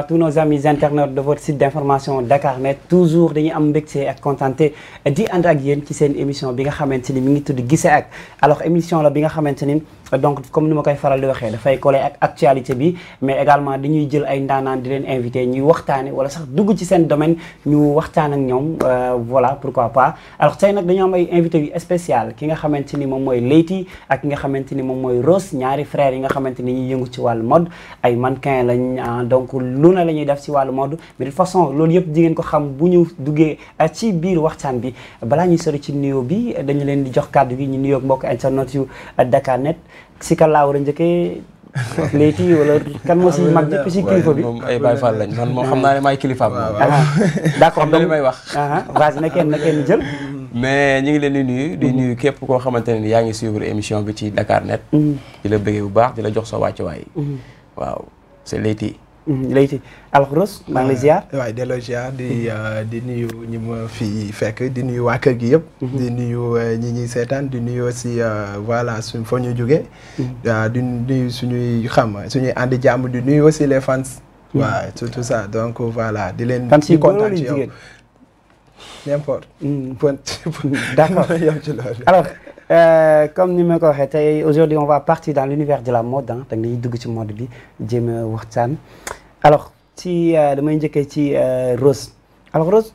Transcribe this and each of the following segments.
également tous nos amis internautes de votre site d'information Dakarnet toujours dañuy am mbégte ak contenté di ànd ak yéen ci seen émission bi nga xamante ni mi ngi tudd Guissé ak alors émission la bi nga xamante ni donc comme ni ma koy faral di waxee dafay collé ak actualité bi mais également dañuy jël ay ndaanaan di leen invité ñuy waxtaane wala sax dugg ci seen domaine ñu waxtaan ak ñoom euh, voilà pourquoi pas alors tey nag dañu am ay invité yu spécial ki nga xamante ni moom mooy Leyti ak ki nga xamante ni moom mooy Rose ñaari frères yi nga xamante ni ñuy yëngu ci wàllu mode ay mannequin lañ ah, donc lu na la ñuy def si wàllu mode mais loolu yëpp di ko xam bu ñu duggee euh, ci biir waxtaan bi balaa ñuy sori ci nuyoo bi dañu leen di jox kàddu gi ñu nuyoo mbokk internet yu euh, Dakar Net si kan laa war a njëkkee léegi wala kan moo si mag jëpp si kilifa bi moom ay Baye Fall lañ man moom xam naa ne maay kilifaam. Ah, ah. d' accord donc li may wax. Ah, vas-y na kenn na kenn jël. mais ñu ngi leen di nuyu. di mm-hmm. nuyu képp koo xamante ne yaa ngi suivre émission bi ci Dakar Net. Mm-hmm. di la bëggee bu baax di la jox sa wàccuwaay. Mm-hmm. waaw c' est lay ci alxurus maa ngi lay ziar. di mhm. euh, di nuyu ñi ma fi fekk di nuyu waa kër gi yëpp. Mhm. di nuyu euh, ñi ñuy seetaan di nuyu si euh, voilà suñ fa ñu jógee. Mhm. di nuyu suñuy xam suñuy ànd jàmm di nuyu aussi les fans. waaw surtout ça donc voilà di leen. fan ci yow n'importe. d'accord yow ci Euh, comme ni ma ko waxee tey aujourd'hui on va partir dans l'univers de la mode ah dañuy dugg ci mode bi jéem a waxtaan alors ci euh, damay njëkkee ci euh, Rose alors Rose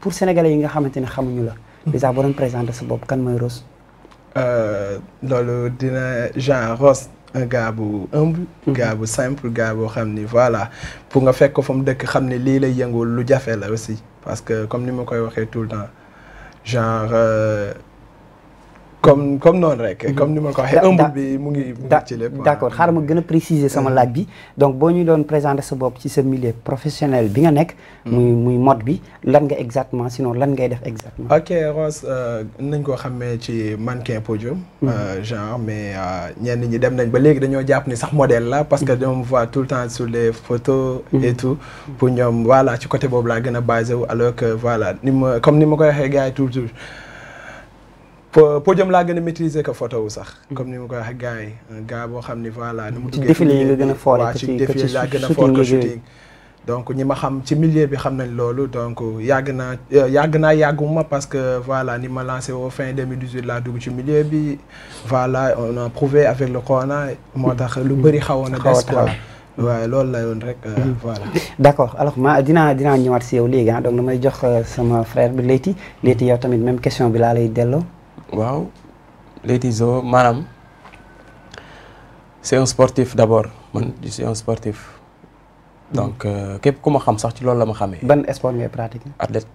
pour sénégalais yi nga xamante ne xamuñu la. déjà boo doon présenté sa bopp kan mooy Rose. loolu dina genre Rose. un gars bu humble. Mhm. bu simple gars boo xam ni voilà pour nga fekk ko fa mu dëkk xam ne lii lay yëngu lu jafe la aussi parce que comme ni ma koy waxee tout le temps comme comme noonu rek. Mhm. comme ni ma ko xee ëmb bi mu ngi mu ngi ci lépp. d' accord xaaral ma gën a préciser sama mhm. laaj bi donc boo ñu doon présenter sa bopp ci sa milieu professionnel bi nga nekk. Mhm. muy muy bi lan nga exactement sinon lan ngay def exactement. ok Rose euh, nañ ko xamee ci mannequin podium. Euh, genre mais euh, ñenn ñi dem nañ ba léegi dañoo jàpp ni sax modèle la parce que ñoom voit tout le temps sur les photos. et tout pour ñoom voilà ci côté boobu laa gën a basé wu alors voilà ni ma comme ni ma ko waxee gars yi toujours. podium laa gën a maîtriser que photo wu sax. Mm. comme ni ma ko waxee gars yi gars boo xam ni voilà. nu mu duggee ci défilé yi nga gën a fort que shooting. donc ñi ma xam ci milieu bi xam nañ loolu donc yàgg naa euh, yàgg naa yàgguma parce que voilà ni ma lancé au fin 2018 laa dugg ci milieu bi voilà on a prouvé avec le corona moo tax lu bëri xawoon na des quoi waaw loolu la yoon rek euh, mm-hmm. voilà d' accord alors ma dinaa dinaa ñëwaat si yow léegi ah donc damay jox euh, sama frère bi Leyti Leyti ya tamit même question bi laa lay waaw Lady Zo maanaam c'est un sportif d'abord man je suis un sportif. donc hmm. euh, képp ku ma xam sax ci loolu la ma xamee. ban sport ngay pratiquer. athlète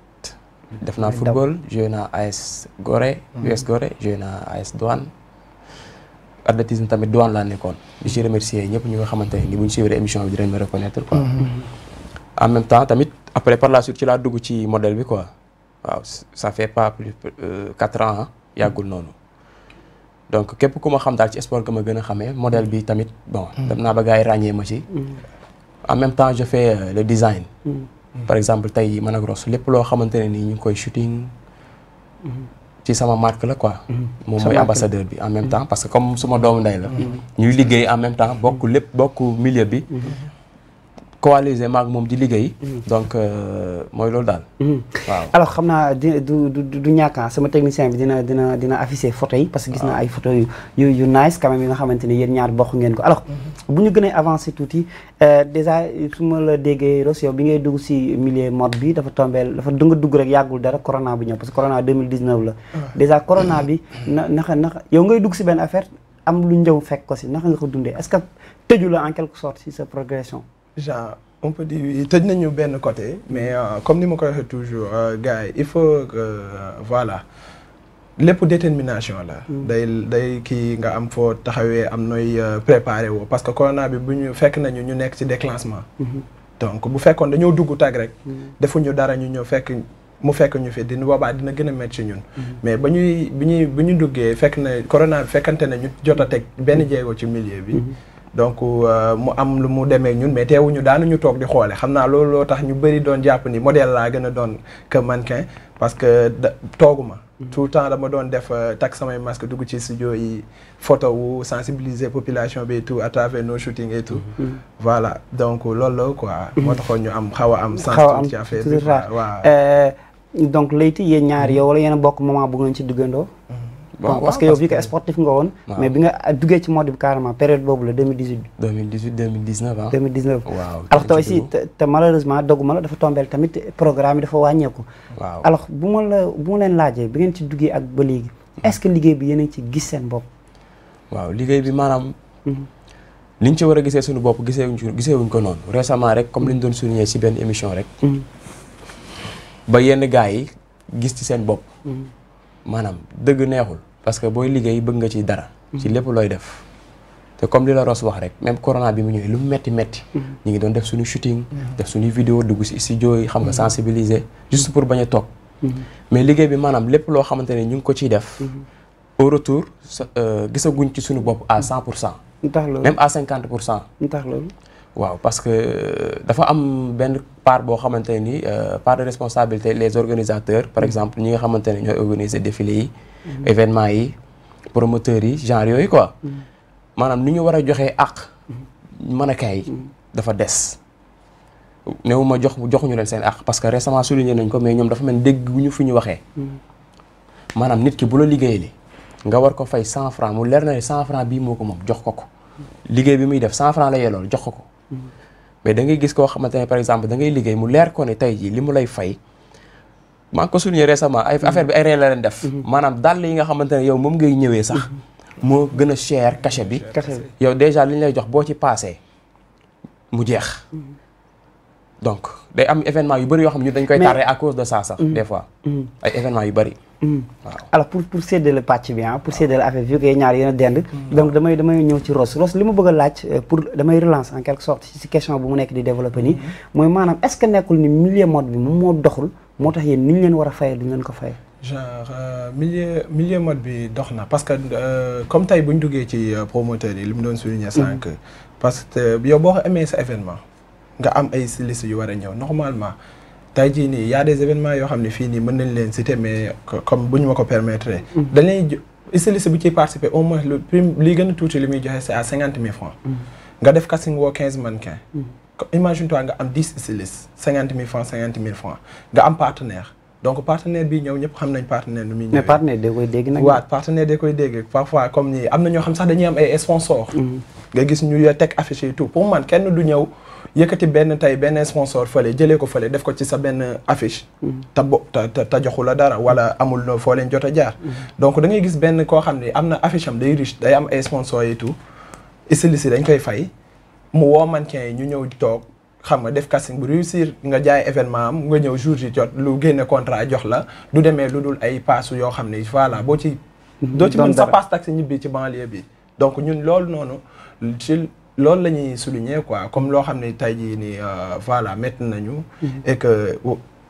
hmm. def naa football joué naa AS Gorée. Hmm. US Gorée joué naa AS Douane. athlétisme tamit Douane laa nekkoon. di ci remercier ñëpp ñu nga xamante ne ni bu ñu suivre émission bi dinañ ma reconnaître quoi. en même temps tamit après par la suite ci laa dugg ci modèle bi quoi waaw ça fait pas plus euh, quatre ans. yàggul noonu donc képp ku ma xam daal ci sport que ma gën a xamee modèle bi tamit bon hmm. dem naa ba gars yi ràññee ma ci hmm. en même temps je fais euh, le design hmm. par exemple tey yi man ak Ross lépp loo xamante ne nii ñu ngi koy shooting ci sama marque la quoi moom mooy ambassadeur bi en même temps parce que comme suma doomu ndey la ñuy liggéey en même temps bokk lépp bokk milieu bi coaliser maag moom di liggéey. Mhm. donc euh, mooy loolu daal. Mhm. waaw alors xam naa du du du ñàkk ah, sama technicien bi dina dina dina afficher photo yi. parce que gis naa ay photo yu yu nice quand même nga xamante ne yéen ñaar bokk ngeen ko alors. Mhm. bu ñu gënee avancer tuuti euh, déjà su ma la déggee Ross yow bi ngay dugg si milieu mode bi dafa tombeel dafa dënga dugg rek yàggul dara corona bi ñëw parce que corona la. Ah. déjà corona bi na naka naka yow ngay dugg si benn affaire am lu si naka nga si sa progression. genre on peut tëj nañu benn côté mais euh, comme ni ma ko waxee toujours euh, gars il faut que euh, voilà lépp détermination la. Mm. day day kii nga am foo taxawee am nooy préparé woo parce que corona bi bu ñu fekk nañu ñu nekk ci déclassement. Mm-hmm. donc bu fekkoon dañoo dugg tag rek. Mm. defuñu dara ñu ñëw fekk mu fekk ñu fi dina boobaa dina gën a métti ci ñun. Mm-hmm. mais ba ñuy bi ñuy bi ñu duggee fekk na corona bi fekkante na ñu jot a teg benn jéego ci millier bi. Mm-hmm. donc euh, mu am lu mu demee ñun mais teewuñu daanuñu toog di xoole xam naa loolu loo tax ñu bëri doon jàpp ni modèle laa gën a doon que mannequin parce que toogu ma mm-hmm. tout le temps dama doon def euh, takk samay masque dugg ci studio yi photo wu sensibiliser population bi et tout à travers no shootings et tout mm-hmm. Mm-hmm. voilà donc loolu la quoi moo taxoon ñu am xaw a am sens ci affaire bi waaw euh, donc Leyti yéen ñaar yow wala yéen a bokk moment bu ñu ci duggandoo bon parce que yow bi ko sportif nga woon mais bi nga duggee ci mode bi carrément période boobu la 2018 ah. te malheureusement dogguma la dafa tombeel tamit programme yi dafa wàññeeku waaw alors bu ma la bu ma leen laajee bi ngeen ci duggee ak ba léegi hmm. est-ce que liggéey bi yéen a ci gis seen bopp waaw liggéey bi maanaam hmm. liñ ci war a gisee suñu bopp gisee wuñ ko gisee wuñ ko noonu récemment rek comme hmm. liñ doon souligner ci benn émission rek ba yenn gars yi gis ci seen bopp maanaam dëgg neexul parce que booy liggéey bëgg nga ci dara. ci lépp looy def. te comme li la Ross wax rek même corona bi mu ñëwee lu mu metti metti mm-hmm. ñu ngi doon def suñu shooting. def suñu vidéo dugg si studio yi xam nga mm-hmm. sensibiliser. juste pour bañ a toog. Mm-hmm. mais liggéey bi maanaam lépp loo xamante ne ñu ngi ko ciy def. au retour euh, gisaguñ ci suñu bopp à cent pour cent. tax loolu même à cinquante pour cent. tax loolu. waaw parce que euh, dafa am benn part boo xamante ni euh, part de responsabilité les organisateurs par exemple ñi nga xamante ne ñooy organiser défilé yi. Mhm. événement yi promoteurs yi genre yooyu quoi mhm. maanaam ni ñu war a joxee àq mën a kaay dafa des néew ma jox joxuñu leen seen àq parce que récemment souligné nañ ko mais ñoom dafa mel dégg gu fu ñu waxee mhm. maanaam nit ki bu la liggéeyee nga war ko fay cent franc mu leer na ne cent franc bii moo ko moom jox ko ko liggéey bi muy def cent franc la yelool jox ko ko mais da ngay gis koo xamante ne par exemple dangay liggéey mu leer ko ne tey jii li mu lay fay maa ngi ko souligné récemment ay affaire bi ay ree la leen def mhm. maanaam dàll yi nga xamante ne yow moom ngay ñëwee sax mhm. moo gën a cher cachet bi yow déjà li ñu lay jox boo ci passé mu jeex mhm. donc day am événement yu bëri yoo xam ne ñu dañ koy tardé à cause de ça sax des fois ay événement yu bëri waaw alors pour pour séddale pàcc bi ah pour séddale affaire vu que ñaar yéen a dend donc damay damay ñëw ci Ross Ross li ma bëgg a laaj euh, pour damay relance en quelque sorte si question bu mu nekk di développé nii mooy maanaam doxul moo tax yéen ni ñu leen war a fayee duñ leen ko fayee. genre euh, milieu milieu mode bi dox na parce que euh, comme tey bu ñu duggee ci euh, promoteur yi li mu doon souligner sànq. Mm-hmm. parce que yow boo amee sa événement nga am ay liste yu war a ñëw normalement tey jii nii y des événements yoo xam ne fii nii mën nañ leen citer mais comme bu ma ko permettre. Mm-hmm. dañuy styliste bu ci participer au moins le prime li gën a tuuti li muy joxe c'est à cinquante mille francs. Mm-hmm. nga def casting woo quinze mannequins. imagine toi nga am 10 stylistes cinquante mille francs cinquante mille francs nga am partenaire donc partenaire bi ñëw ñëpp xam nañ partenaire nu muy ñëwee mais partenaire da koy dégg nag waaw partenaire da koy dégg parfois comme ni am na ñoo xam sax dañuy am ay mm-hmm. nga gis ñu yo teg affiche yi tout pour man kenn du ñëw yëkkati benn tey benn sponsor fële jëlee ko fële def ko ci sa benn affiche mm-hmm. te bo te te joxu dara wala mm-hmm. amul foo leen jot a jaar donc da ngay gis benn koo xam ne am na affiche am day riche day am ay sponsor et tout stylistes yi dañ koy fay mu woo mannequin yi ñu ñëw toog xam nga def casting bu réussir nga jaay événement am nga ñëw jour yi jot lu génne contrat jox la du demee lu dul ay paasu yoo xam ne voilà boo ci. Mhm, doo ci mën sa paas taxi ñibbi ci banlier bi. donc ñun loolu noonu ci loolu la ñuy souligner quoi comme loo xam ne tey jii nii euh, voilà métti nañu. Mhm. et que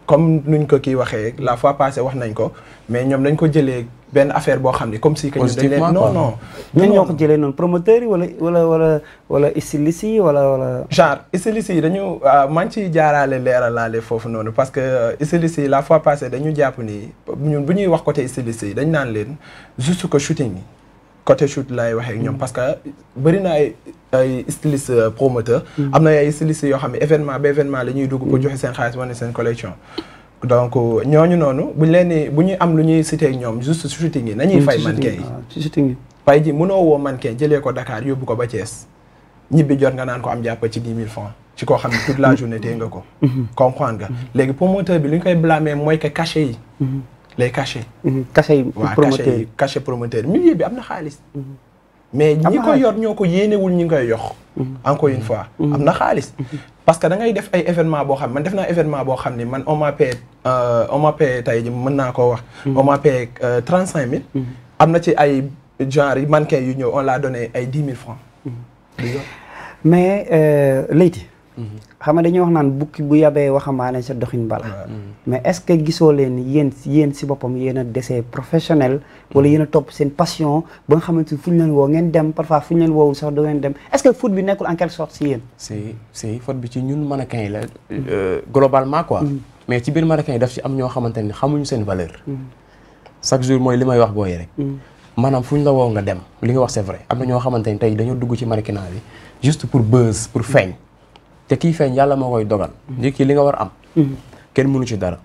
comme nuñ ko kii waxee la fois passée wax nañ ko mais ñoom lañ ko jëlee. benn affaire boo xam ne comme si que ñu dañ leen non ñoo ko jëlee noonu promoteurs yi wala wala wala wala stylistes yi wala wala genre stylistes yi dañu ah, maa ngi ciy jaaraale leeralaale foofu noonu parce que euh, stylistes yi la fois passée dañu jàpp ni ñun bu ñuy wax côté stylistes yi dañ naan leen juste que shooting yi côté shoot laay waxee ñoom mm. parce que bëri ay ay styliste euh, promoteur mm. am na ay styliste yoo xam ne événement ba événement la ñuy dugg mm. joxe seen xaalis wane seen collection donc ñooñu noonu buñ leen bu ñuy am lu ñuy cité ñoom juste si shooting yi nañuy fay mannequin yi ci shooting yi fay ji mënoo woo mannequin jëlee ko dakaar yóbbu ko ba Thiès ñibbi jot nga naan ko am jàpp ci dix mille francs ci ko xam ne toute la mm-hmm. journée téye nga ko mm-hmm. comprendre nga mm-hmm. léegi promoteur bi li ñu koy blâmer mooy que cachet yi les cachets cachet yi waaw cachet yi cachet promoteur milieu bi am na xaalis mais ñi ko yor ñoo ko yéenewul ñi ngi koy yox encore une fois mm-hmm. am na xaalis parce que da ngay def ay événement boo xam man def naa événement boo xam ni man on m'a payé euh, on m'a payé tey mën naa koo wax mm-hmm. on m'a payé euh, cinq mille mm-hmm. am na ci ay genre yi mannequin yu ñëw on l'a données ay dix mille francs mais euh, Leyti xam nga dañuy wax naan bukki bu yabee waxambaane sa doxin bala mm-hmm. mais est-ce que gisoo leen yéen yéen si boppam yéen a dese professionnel wala mm-hmm. yéen a topp seen passion ba nga xamante ni fu ñu leen woo ngeen dem parfois leen woowu sax du ngeen dem est-ce que foot bi nekkul en quelque sorte si yéen la euh, globalement mm-hmm. mais ci biir mannequin yi daf ci am ñoo xamante ni xamuñu seen valeur chaque jour mooy li may wax booy rek maanaam fu ñu la woo nga dem li nga wax c'est am na ñoo xamante ni tey dañoo dugg ci mannequinat bi juste pour buzz pour feeñ te kii feeñ yàlla moo koy dogal. nit ki li nga war am. kenn mënu ci dara.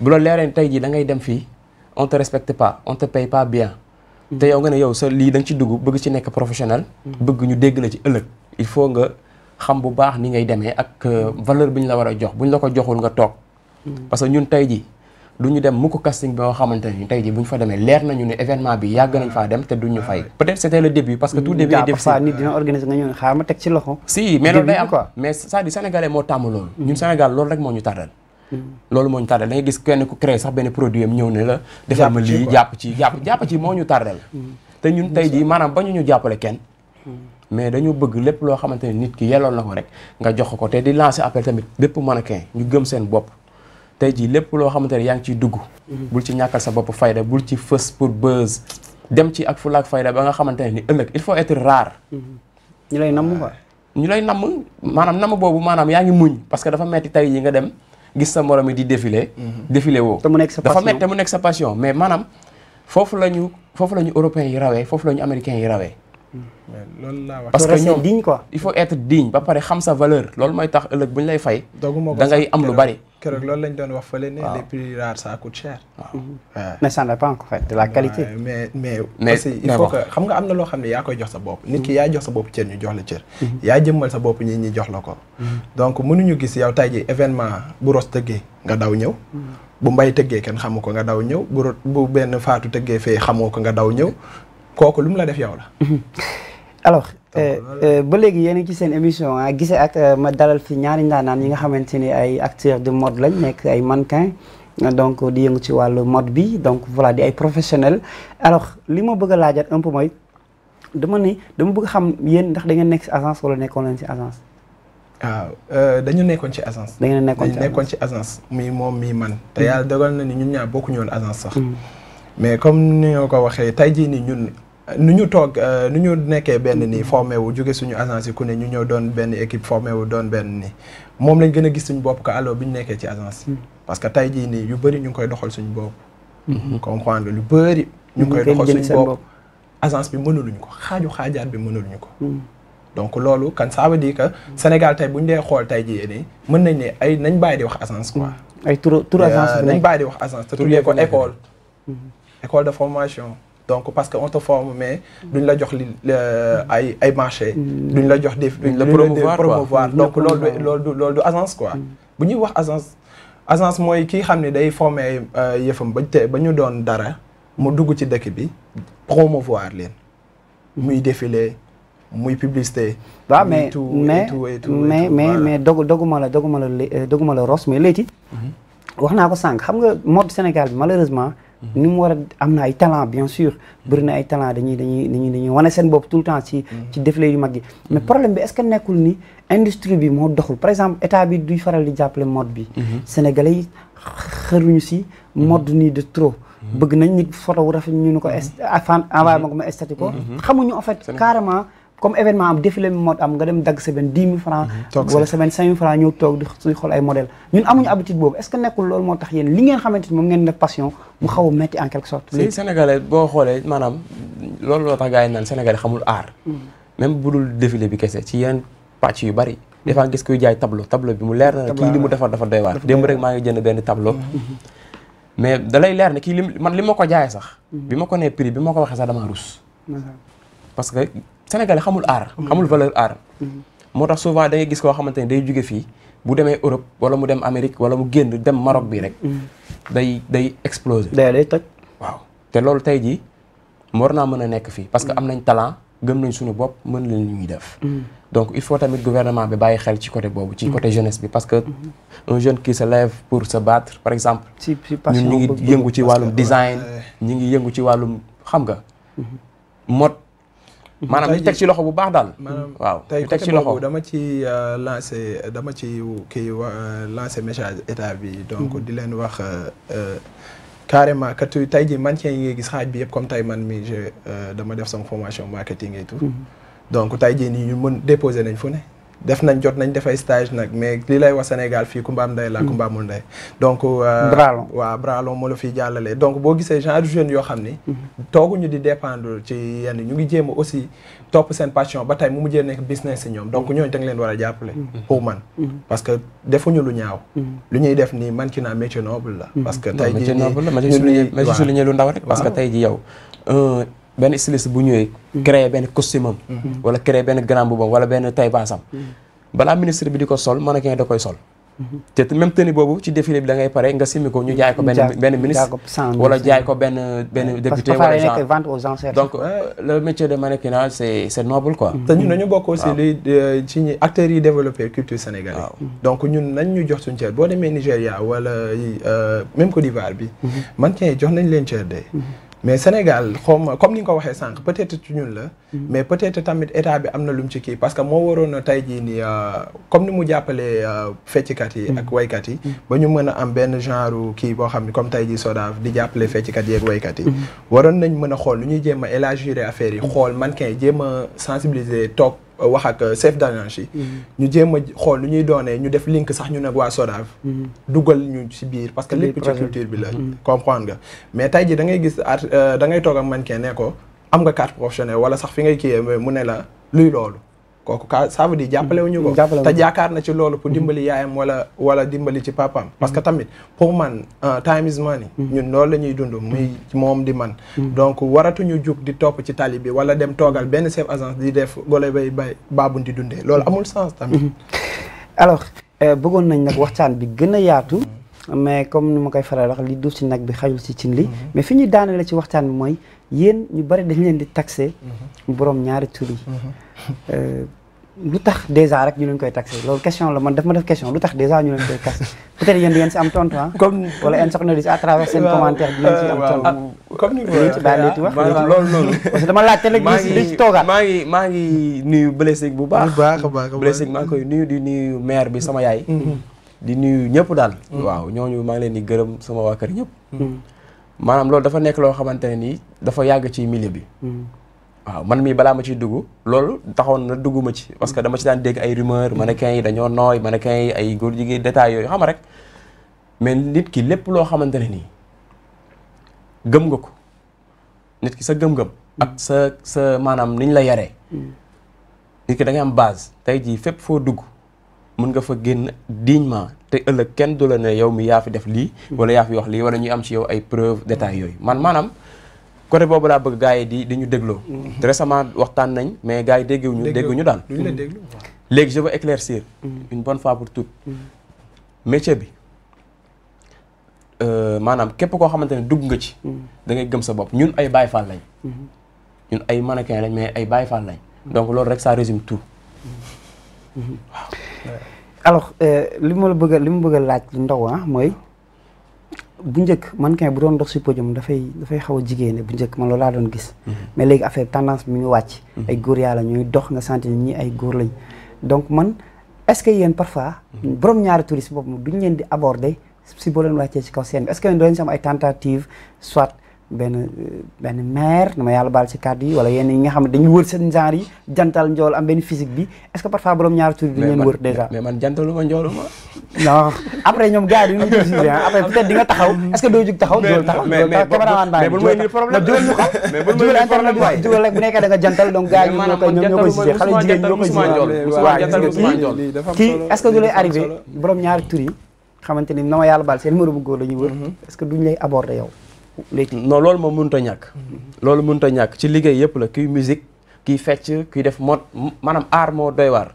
bu la leeree tey jii da ngay dem fii on te respecte pas on te paye pas bien. te yow nga ne yow sa lii da ci dugg bëgg ci nekk professionnel. bëgg ñu dégg la ci ëllëg. il faut nga xam bu baax ni ngay demee ak euh, valeur bi ñu la war a jox bu ñu la ko joxul nga toog. parce ñun tey jii du ñu dem mu ko casting ba nga xamante ni tey bu ñu fa demee leer nañu ne événement bi yàgg nañ faa dem te duñu fay peut-être c'était le début parce que tout début est difficile nit dina organiser nga ñëw xaar ma teg ci loxo si mais loolu moo loolu mm. ñun moo ñu tardal mm. loolu moo ñu tardal da ngay gis kenn ku créé sax benn produit am ñëw ne la defal ma lii jàpp ci jàpp jàpp ci moo ñu tardal mm. te ñun tey jii maanaam ba ñu ñu jàppale kenn mais dañu bëgg lépp loo xamante ne nit ki yelloon na ko rek nga jox ko te di lancer appel tamit bépp mannequin ñu gëm seen bopp tey jii lépp loo xamante ne yaa ngi ciy dugg mhm. bul ci ñàkkal sa bopp fayda bul ci fës pour buzz dem ci ak fulaak fayda ba nga xamante ne ni ëllëg il faut être rare mhm. ñu lay namm quoi ñu lay namm maanaam namm boobu maanaam yaa ngi muñ parce que dafa metti tey yi nga dem gis sa morom yi di défilé mhm. défilé woo dafa metti te mu nekk sa passion mais maanaam foofu la ñu foofu la ñu européens yi rawee foofu la ñu américains yi rawee loolu laa wax. parce que ñoom digne quoi. il faut être digne ba pare xam sa valeur loolu mooy tax ëllëg bu ñu lay fay. da ngay am lu bari. keroog loolu lañ doon wax fële ne les raar rares ça coûte cher. waaw mais ça dépend en de la qualité. mais mais aussi il faut que xam nga am na loo xam ne yaa koy jox sa bopp. nit ki mm-hmm. yaa jox sa bopp cër ñu jox la cër. Mm-hmm. yaa jëmmal sa bopp ñi ñi jox la ko. Mm-hmm. donc mënuñu gis yow tey ji événement bu ros tëggee nga daw ñëw. bu mbay tëggee kenn xamu ko nga daw ñëw bu bu benn faatu tëggee fee xamoo ko nga daw ñëw kooku lu mu la def yow la. alors euh, euh, ba léegi yéen ci seen émission ah gisee ak euh, ma dalal fi ñaari ndaanaan yi nga xamante ni ay acteurs de mode lañ nekk ay mannequin donc di yëngu ci wàllu mode bi donc voilà di ay professionnels alors li ma bëgg a laajaat mooy dama ni dama bëgg xam yéen ndax da ngeen nekk ci agence wala nekkoon leen ci agence. waaw ah, dañu nekkoon ci agence. da nekkoon ci agence dañu nekkoon ci moom mi man. te mm-hmm. yàlla dogal na ni ñun ñaa bokkuñu woon agence sax. Mm-hmm. mais comme ni nga ko waxee tey jii nii ñun nu ñu toog euh, nu ñu nekkee benn nii formé wu jóge suñu agence yi ku ne ñu ñëw doon benn équipe formé wu doon benn nii moom lañ gën a gis suñu bopp ko alors bi ñu nekkee ci agence yi hmm. parce que tey ji nii yu bëri ñu ngi koy doxal suñu bopp hmm. comprendre lu bëri ñu ngi koy doxal suñu bopp agence bi mënuluñu ko xaaju xaajaat bi mënuluñu ko hmm. donc loolu kan ça veut ka que Sénégal tey bu ñu dee xool tey jii nii mën nañ ne ay nañ bàyyi di wax agence quoi ay tur tur agence nañ bàyyi di wax agence te tuddee ko école école de formation donc parce que on te forme mais duñ la jox li ay ay marché duñ la jox def la promouvoir donc loolu du loolu du loolu du agence quoi bu ñuy wax agence agence mooy kii xam ne day former euh, yëfam ba te ba ñu doon dara mu dugg ci dëkk bi promouvoir leen muy défilé muy publicité. waaw mais mais mais mais mais dogu doguma la doguma la euh, doguma la Ross mais léegi. Mhm. wax naa ko sànq xam nga mode Sénégal bi malheureusement. ni mu war a am na ay talent bien sûr bëri na ay talent dañuy dañuy dañuy dañuy wane seen bopp tout le temps ci ci défilé yu mag mais problème bi est que nekkul ni industrie bi moo doxul par exemple état duy faral di jàppale mode bi sénégalais yi xëruñu si mode nii de trop bëgg nañ nit photo wu rafet ñu nu ko fan envoyé ma ko ma esthétique ko mhm. xamuñu en comme événement am défilé mode am nga dem dagg sa benn dix mille francs mhm. wala sa cinq mille francs ñëw toog di xool ay modèle ñun amuñu habitude boobu est ce que nekkul loolu moo tax yéen li ngeen xamante ni moom ngeen def passion mu xaw a metti en quelque sorte léegi sénégalais boo xoolee maanaam loolu loo tax gars yi naan sénégalais xamul art hmm. même bu dul défilé bi kese ci yeneen pàcc yu bari des fois gis kuy jaay tableau tableau bi mu leer na kii li mu defar dafa doy waar hmm. mais da lay leer ne kii li man li ma ko jaayee sax hmm. bi ma ko nee prix bi ma ko waxee sax damaa rus Sénégal xamul aar. xamul valeur aar. Mhm. moo tax souvent da gis koo xamante ne day jóge fii bu demee Europe wala mu dem Amérique wala mu génn dem Maroc bii rek. Mhm. day day exploser. day day toj. waaw te loolu tey jii war naa mën a nekk fii parce que mhm. am nañ talent gëm nañ suñu bopp mën nañ li ñuy def. donc il faut tamit gouvernement bi bàyyi xel ci côté boobu. ci côté jeunesse bi parce que un jeune qui se lève pour sa battre par exemple. ci ci ñun ñu ngi yëngu ci wàllum design. ñu ngi yëngu ci wàllum xam nga. maanaam ñu teg ci loxo bu baax daal. waaw tey teg ci loxo dama ci euh, lancé dama ci kii euh, lancé message état bi. donc hmm. di leen wax euh, carrément kat tey jii maintien yi ngay gis xaaj bi yëpp comme tey man mi je dama def sama formation marketing yi tout. Hmm. donc tey jii nii ñu mën déposé nañ fu ne. def nañ jot nañ dafay stage nag mais li lay wax Sénégal fii Kumba am ndey la hmm. Kumba amul ndey donc euh, bralon waaw bralon moo la fiy jàllale donc boo gisee genre jeune yoo xam ni hmm. tooguñu di dépendre ci yenn ñu ngi jéem a aussi topp seen passion ba tey mu mujjee nekk business si ñoom donc hmm. ñooñu da leen war a jàppale pour man parce que defuñu lu ñaaw lu ñuy def nii man ki naa métier noble la parce que tey ji nii métier noble lu ndaw parce que tey ji yow benn styliste bu ñëwee mm-hmm. créer benn costume am mm-hmm. wala créer benn grand boubam wala benn taille basse am mm-hmm. balaa ministre bi di ko sol mannequin da koy sol te même tenue boobu ci défilé bi da ngay pare nga simmi ko ñu jaay ko benn benn ministre wala jaay ko benn benn député wala genre donc euh, le métier de mannequinage c'est c'est noble quoi te ñun dañu bokk aussi li euh, ci ñi acteurs yi développé culture sénégalaise donc ñun nañ ñu jox suñu cër boo demee Nigéria wala euh, même Côte d'Ivoire bi man yi jox nañ leen cër de mais Sénégal xawma comme ni nga ko waxee sànq peut-être ci ñun la. Mm-hmm. mais peut-être tamit état bi am na lu mu ci kii parce que moo waroon a tey jii nii euh, comme ni mu jàppalee euh, fecckat yi. ak mm-hmm. woykat yi. Mm-hmm. ba ñu mën a am benn genre kii boo xam ne comme tey jii Sodav di jàppale fecckat yi ak waykat yi. waroon nañ mën a xool lu ñuy jéem a élargir affaire yi xool man yi jéem a sensibiliser toog. wax ak euh, chef d'agence yi mm-hmm. ñu jéem a xool lu ñuy doonee ñu def link sax ñu ne waa SODAV mm-hmm. dugal ñu ci biir parce que lépp ci culture bi la mm-hmm. comprendre nga mais tey ji da ngay gis art euh, da ngay toog ak mannequin ne ko am nga carte professionnelle wala sax fi ngay kiiyee mu ne la luy loolu kooku ka ça veut dire jàppale wu ñu ko te jaakaar na ci loolu pour mm-hmm. dimbali yaayam wala wala dimbali ci papaam parce que mm-hmm. tamit pour man euh, time is money mm-hmm. ñun loolu la ñuy dund muy moom di man donc waratuñu jug di topp ci tali bi wala dem toogal benn chef agence di def golo bay bay baabun di dundee loolu amul sens tamit alors euh, bëggoon nañ nag waxtaan bi gën a yaatu mais comme ni ma koy faral wax li duuf ci nag bi xajul ci cin li mais fi ñuy la ci waxtaan bi mooy yéen ñu bari dañ leen di taxé borom ñaari tur yi Euh, lu tax déjà rek ñu leen koy taxé loolu question la man daf ma def question lu tax déjà ñu leen koy taxé peut-être yéen di ngeen si am tontu ah. comme wala yéen soxna di si à euh, ah, comme ni dama laajte nag li li ci toogaat maa ngi maa ngi nuyu Blessing bu baax. bu baax a baax Blessing maa ngi koy nuyu di nuyu maire bi sama yaay. Mm-hmm. di nuyu ñëpp daal. Mm-hmm. waaw ñooñu maa ngi leen di gërëm sama waa kër ñëpp. Mm-hmm. maanaam loolu dafa nekk loo xamante ne nii dafa yàgg ci milieu bi. waaw man mii balaa ma ciy dugg loolu taxoon na dugguma ci parce que dama ci daan dégg ay rumeur mm-hmm. mannequin yi dañoo nooy mannequin yi ay góor jigéen détails yooyu xam rek mais nit ki lépp loo xamante ne nii gëm nga ko nit ki sa gëm ak mm-hmm. sa sa maanaam niñ la yaree mm-hmm. nit ki da am base tey jii fépp foo dugg mën nga fa génn dignement te ëllëg kenn du la ne yow mi yaa fi def lii wala yaa fi wax lii wala ñuy am ci yow ay preuve détails yooyu man maanaam côté boobu laa bëgg gars yi di di ñu dégloo. Mm-hmm. récemment waxtaan nañ mais gars yi dégguñu dégguñu daal. Mm-hmm. léegi je veux éclaircir. Mm-hmm. une bonne fois pour toutes. métier bi euh, maanaam képp koo xamante ne dugg nga ci. da ngay gëm sa bopp ñun ay Baye Fall lañ. ñun ay mannequin lañ mais ay Baye Fall lañ. donc loolu rek ça résume tout. waaw. Euh, li mu la bëgg li mu bëgg a laaj ndaw ah mooy. bu njëkk mannequin bu doon dox si podium dafay dafay xaw a jigéene bu njëkk man loolu laa doon gis. Mhm. mais léegi affaire tendance bi mi ngi wàcc. Mhm. ay góor yàlla ñuy dox nga sant ñi ay góor lañ donc man est-ce que yéen parfois. Mhm. borom ñaari touriste boobu duñ leen di aborder si boo leen wàccee ci kaw seen bi est-ce que yéen doo leen am ay tentative soit. benn benn maire na ma yàlla baal si kàddu yi yenn nga xam ne dañuy wër seen genre yi jantal njool am benn physique bi est-ce que parfois borom ñaari tur duñ leen wër déjà mais man jantaluma njooluma non après ñoom gars yi duñu ah, na ma yàlla baal seen numéro bu góor la wër mm-hmm. est-ce que duñ lay léegi non loolu moom mënut a ñàkk. loolu mënut a ñàkk ci liggéey yëpp la kuy musique kuy fecc kuy def mot maanaam aar moo doy waar.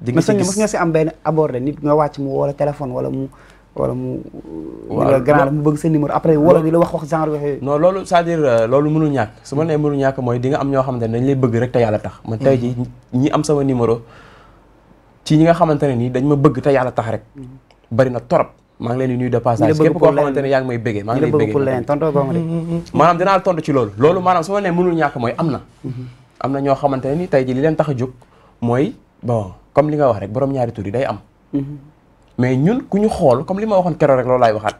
di nga si gis nga si am benn abordé nit nga wàcc mu wala téléphone wala mu wala mu. waaw grand mu bëgg sa numéro après wala di la wax wax genre waxee. non loolu euh, loolu mënul ñàkk su ma nee mënul ñàkk mooy di nga am ñoo xamante ne dañ lay bëgg rek te yàlla tax. man tey ji mm-hmm. ñi am sama numéro ci ñi nga xamante ne nii dañ ma bëgg te yàlla tax rek. Mm-hmm. bari na torop maa ngi leen di nuyu de passage képp koo mm, mm, mm. maanaam dinaa tontu ci loolu loolu maanaam su ma nee mënul ñàkk mooy am na am na ñoo xamante ne ni tey ji li leen tax a jóg mooy bon comme li nga wax rek borom ñaari tur yi day am mais ñun ku ñu xool comme li ma waxoon keroog rek loolu laay waxaat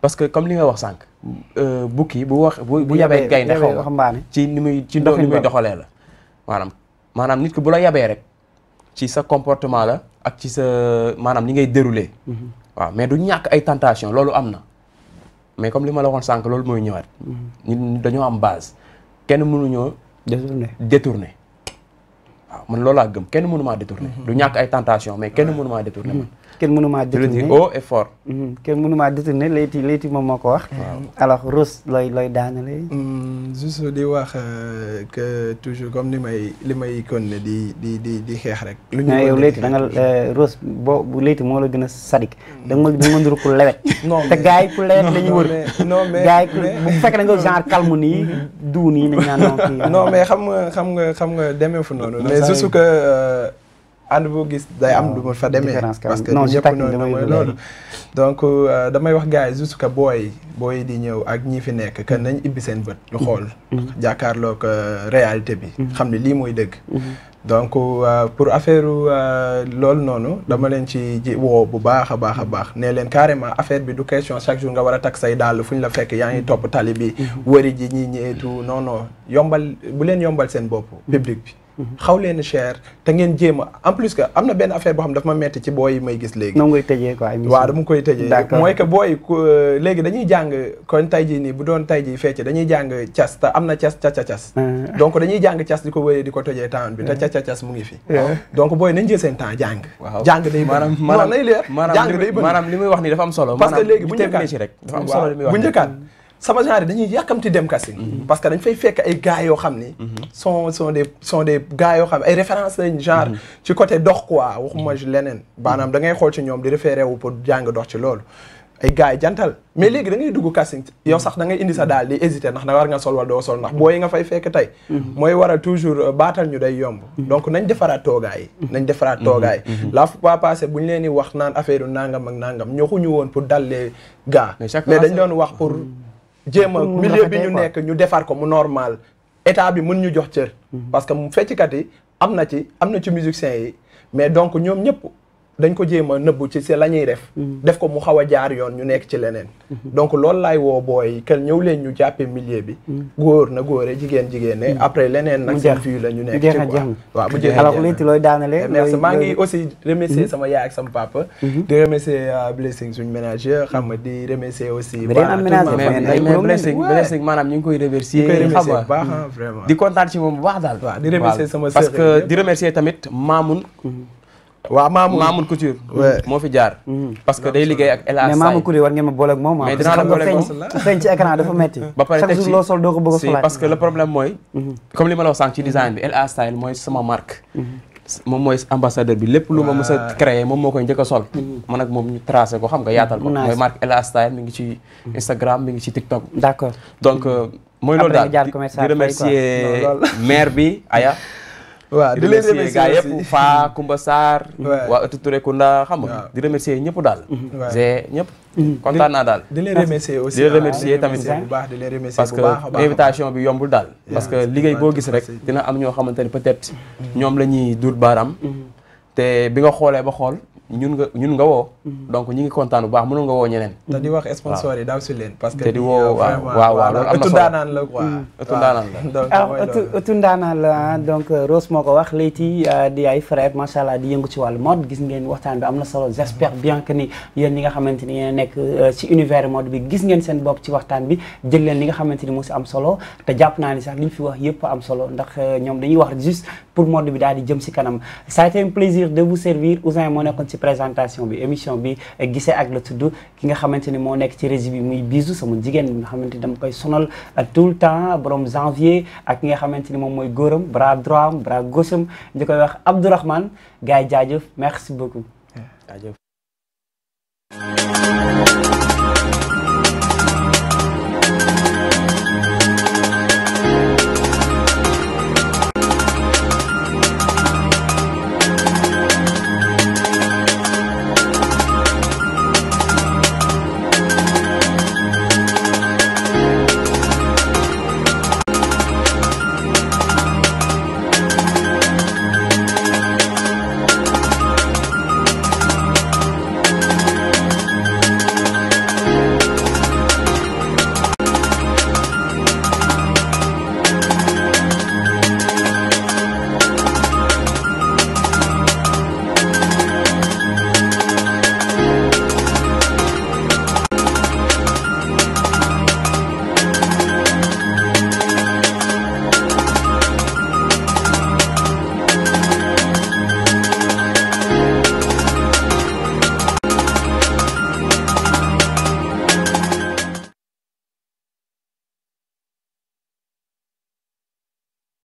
parce que comme li nga wax sànq euh, bukki bu wax bu yabee gaynde xaw ma ci ni muy ci ni muy doxalee la maanaam maanaam nit ki bu la yabee rek ci sa comportement la ak ci sa maanaam ni ngay dérouler. Mhm. waaw mais du ñàkk ay tentation loolu am na mais comme li ma la waxoon sànq loolu mooy ñëwaat. ñun mhm. dañoo am base kenn mënuñoo. détourné détourné waaw man loolu laa gëm kenn mënu maa détourné. Mhm. du ñàkk ay tentation mais kenn mënu maa détourné man. kenn mënu maa détourné haut et fort. Mhm. kenn mënu maa moom moo ko wax. alors Rose looy looy daanale. Mm, juste di wax euh, que comme li may li may kon ne di di di di xeex rek. lu ñu yow léegi da euh, Rose boo léegi moo la gën a sadik. Mm. da ma da nga ma ndur ku lewet. non te gars ku lewet la ñuy wër. non mais gars yi nga genre calme nii mm-hmm. duun yi nañ naan non non mais xam nga xam nga xam nga noonu. mais juste ànd boo gis day am lu ma fa demee parce que ñëpp noonu loolu donc euh, damay wax gars yi juste que booy booy di ñëw ak ñii fi nekk que nañ ibbi seen bët ñu mm-hmm. xool mm-hmm. jàkkaarloo ko euh, réalité bi mm-hmm. xam ne lii mooy dëgg donc euh, pour affaire loolu noonu dama leen ci ji woo bu baax a baax a baax ne leen carrément affaire bi du question chaque jour nga war a takk say dàll fu ñu la fekk yaa ngi topp tali bi wëri ji ñi ñeetu non non yombal bu leen yombal seen bopp public bi xaw leen cher te ngeen jéem a en plus que am na benn affaire boo xam dafa ma metti ci booy may gis léegi. na ngay tëjee quoi waaw dama euh, kon tay jii nii bu doon tay jii fecce dañuy jàng cas te am na cas ca ca cas. Ah. donc dañuy jàng cas di ko wéyee di ko tëjee temps bi te ca ah. ca cas mu ngi fi. Ah. donc booy nañ jël seen temps jàng. waaw jàng day maanaam maanaam jàng day bëri maanaam li muy wax nii dafa am solo. parce que léegi bu njëkkaat sama genre dañuy yàkkamti dem casting mhm. parce que dañ fay fekk ay gars yoo xam ni mhm. sont sont des sont des yoo xam ne ay références lañ genre mhm. ci côté dox quoi waxuma leneen maanaam da ngay xool ci ñoom di référé wu pour jàng dox ci loolu ay gars jantal mais léegi da ngay dugg casting yow sax da ngay indi sa daal di hésité ndax da war nga sol wala doo sol ndax booy nga fay fekk tey mooy waral toujours euh, baatal ñu day yomb donc nañ defaraat toogaay yi nañ defaraat toogaay yi la bu ñu leen di wax naan affaire yu nangam ak nangam ñoo xuñu woon pour dal les gars dañ doon wax pour jéem a milieu bi ñu nekk ñu defar ko mu normal état bi mën ñu jox cër. Mm-hmm. parce que mu fecckat yi am na ci am na ci musiciens yi mais donc ñoom ñëpp. dañ ko jéem nëbbu ci si la ñuy def. Mm-hmm. def ko mu xaw a jaar yoon ñu nekk ci leneen. Mm-hmm. donc loolu laay woo booy kel ñëw leen ñu jàppee milieu bi. Mm-hmm. góor na góore jigéen jigéen ne après leneen nag. seen fii la ñu nekk ci quoi waaw bu jeex alors léegi looy daanale. Eh, merci maa ngi aussi remercier sama yaay ak sama papa. di remercier euh, Blessing suñu ménageur xam nga di remercier aussi. waa mais maanaam ñu ngi koy remercier. ñu koy di kontaan ci moom bu baax daal. waaw di sama sœur parce que di remercier tamit Mamoun. waaw Mamour Mamour Couture. moo fi jaar. Mhm. parce que day liggéey ak El Hadj ah. la boole a solaat parce mooy. Mhm. comme li ma la wax sànq ci design bi El Hadj Saïd mooy sama marque. Mhm. moom mooy ambassadeur bi lépp lu ma mës a créé moom moo koy njëkk a sol. man ak moom ñu tracé ko xam nga yaatal ko. mooy marque El Hadj Saïd mi ngi ci Instagram mi ngi ci TikTok. d'accord donc euh, mooy loolu daal maire bi Aya. waaw di remercier gaa yëpp Fa Kumba Sarr waa ëttu Touré Kunda xam nga di remercier ñëpp daal ze mm-hmm. ñëpp mm-hmm. kontaan naa daal di leen remercier aussi di leen ah, tamit bu baax di leen remercier parce que invitation bi yombul daal parce que liggéey boo gis rek dina am ñoo xamante ne peut-être mm-hmm. ñoom la ñuy duut baaraam te bi nga xoolee ba xool ñun nga ñun nga woo. Mm-hmm. donc ñu ngi kontaan bu baax mënul nga woo ñeneen. te di wax sponsor yi daaw si leen. te di woo euh, waaw waaw am na solo mm-hmm. ëttu donc ah ëttu euh, ko wax Leyti euh, di ay frère macha allah di yëngu ci wàllu mode gis ngeen waxtaan bi am na solo j'espère bien que ni yéen ñi nga xamante ni yéen nekk ci univers mode bi gis ngeen seen bopp ci waxtaan bi jël leen li nga xamante ni moo si am solo te jàpp naa ni sax li ñu fi wax yëpp am solo ndax ñoom dañuy wax juste pour mode bi daal di jëm si kanam ça a été plaisir de servir Ouzin moo nekkoon ci présentation bi émission bi eh, gisee ak la tudd ki nga xamante ni moo nekk ci régie bi muy bisu sama jigéen bi nga xamante ni dama koy sonal eh, tout le temps borom janvier ak ki nga xamante ni moom mooy góoram bras droit am bras gauche am ñu koy wax Abdourahmane gars yi jaajëf merci beaucoup jaajëf